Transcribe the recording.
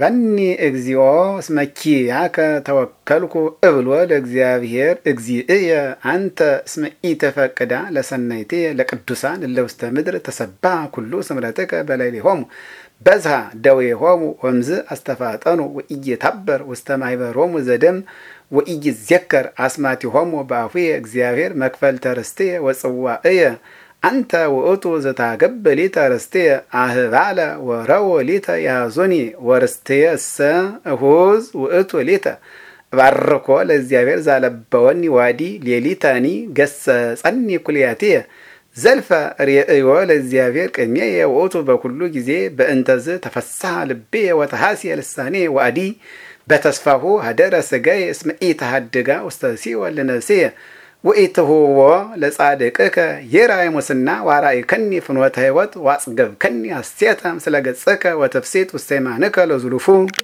ሀበኒ እግዚኦ እስመኪ ከተወከልኩ ተወከልኩ እብሎ ለእግዚአብሔር እየ አንተ እስመ ኢተፈቅዳ ለሰናይቴ ለቅዱሳን ለውስተ ምድር ተሰባ ኩሉ ስምረትከ ሆሙ በዝሃ ሆሙ ወምዝ አስተፋጠኑ ታበር ውስተ ማይበሮሙ ዘደም አስማቲ ሆሙ በአፉየ እግዚአብሔር መክፈል ተርስቴ ወጽዋ እየ አንተ ወእቱ ዘታገበ ሊተ ርስትየ አህባለ ወረዎ ሊተ ያዞኒ ወርስትየ እሰ እሁዝ ውእቱ ሊተ ባርኮ ለእግዚአብሔር ዛለበወኒ ዋዲ ሌሊታኒ ገሰጸኒ ኩልያትየ ዘልፈ ርእዮ ለእግዚአብሔር ቅድሜየ ወእቱ በኩሉ ጊዜ በእንተዝ ተፈሳሐ ልቤየ ወተሃስየ ልሳኔየ ዋዲ በተስፋሁ ሀደረ ስጋየ እስመ ኢተሃድጋ ውስተ ሲኦል ለነፍስየ ወኢትሁዎ ለጻድቅከ ይርአይ ሙስና ዋራይ ከኒ ፍኖተ ህይወት ዋጽገብ ከኒ አስቴተ ምስለ ገጽከ ወተፍሲት ውስተይማንከ ለዝሉፉ